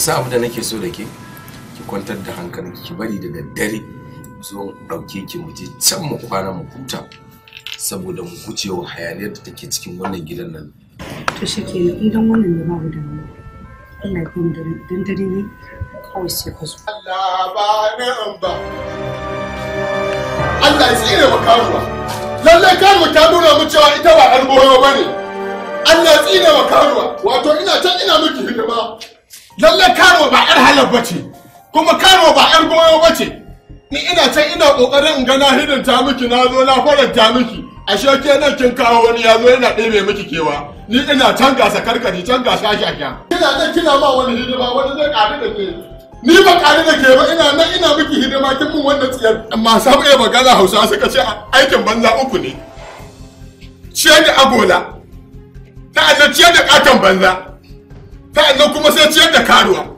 sa abu da nake so da ke ki kwantar da hankalinki ki bari da daddare zo ɗauke ki mu je can mu kwana mu huta saboda mu guje wa hayaniyar da take cikin wannan gidan nan. To shi ke idan wannan ne babu da Allah ya mu da dan dare ne kawai sai ka zo. Allah ba ne an ba. Allah ya tsire wa karuwa. Lallai karuwa ta nuna mu cewa ita ba ɗan goyo ba ne. Allah ya tsire wa karuwa. Wato ina can ina mu ba bace kuma kano ba yar goyo bace ni ina can ina kokarin in ga na ta miki na zo na ta miki ashe shoke nan kin kawo wani ya zo yana ɗebe miki kewa ni ina can gasa karkari can gasa shakya kina nan kina ma wani hidima wani zai ƙari da ke ni ba ƙari da ke ba ina nan ina miki hidima kin mun wannan tsiyar masu iya magana hausa suka ce aikin banza uku ne ciyar da agola ta'annan ciyar da ƙaton banza ta'annan kuma sai ciyar da karuwa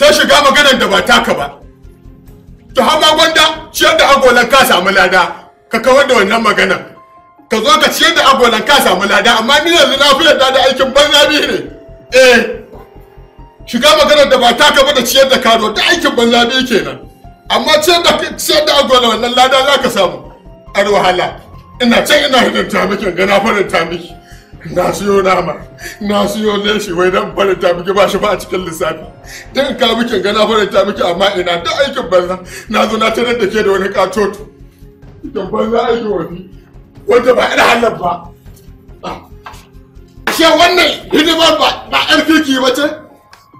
sai shiga maganar da ba taka ba to hama gwanda ciyar da agolan ka samu lada ka kawar da wannan magana ka zo ka ciyar da agolan ka samu lada amma ni yanzu na fi yadda da aikin banza biyu ne eh shiga maganar da ba taka ba da ciyar da karo da aikin banza biyu kenan amma ciyar da ciyar da agolan wannan lada za ka samu ar wahala ina can ina hidin ga na farin tamiki na siyo nama na siyo leshi wai dan faranta miki ba shi ba a cikin lissafi dan ka miki ga na faranta miki amma ina da aikin banza na zo na tarar da ke da wani katoto idan banza aiki wani wanda ba ina hannun ba ashe wannan hidima ba ba yar kirki ba ce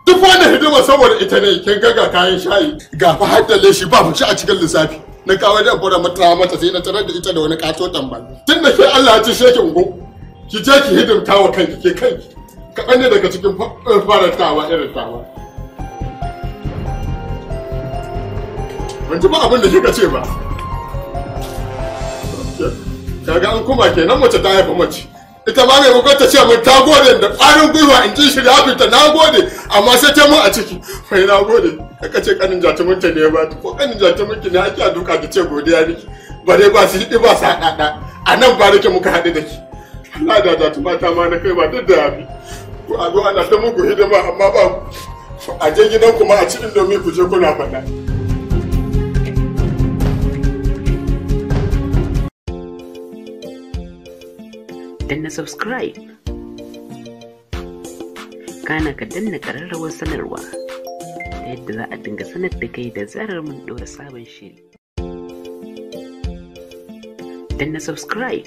duk wannan hidima saboda ita ne kin ga ga kayan shayi ga fa har da leshi ba mu shi a cikin lissafi na kawo da fara mata mata sai na tarar da ita da wani katoton ba tun da ke Allah ya ci shekin go ki je ki hidimta wa kanki ke kanki kaɗan ne daga cikin eh, farantawa irin tawa ban ji ba abin da kika ce ba kaga an kuma kenan mace ta haifa mace ita ma mai ta ce min ta gode da ƙwarin gwiwa in ji shi lafinta na gode amma sai ta mu a ciki mai na gode aka ce kanin jatuminta ne ba ko kanin jatuminki ne ake duka da ce godiya ne ba dai ba su hidi ba su haɗaɗa a nan ba muka haɗu da ki na da ma na kai ba duk da ko a zo ana ta hidima amma ba a je gidan kuma a ci indomi ku je kuna faɗa. danna subscribe kana ka danna kararrawar sanarwa ta yadda za a dinga sanar da kai da zarar mun ɗora sabon shiri danna subscribe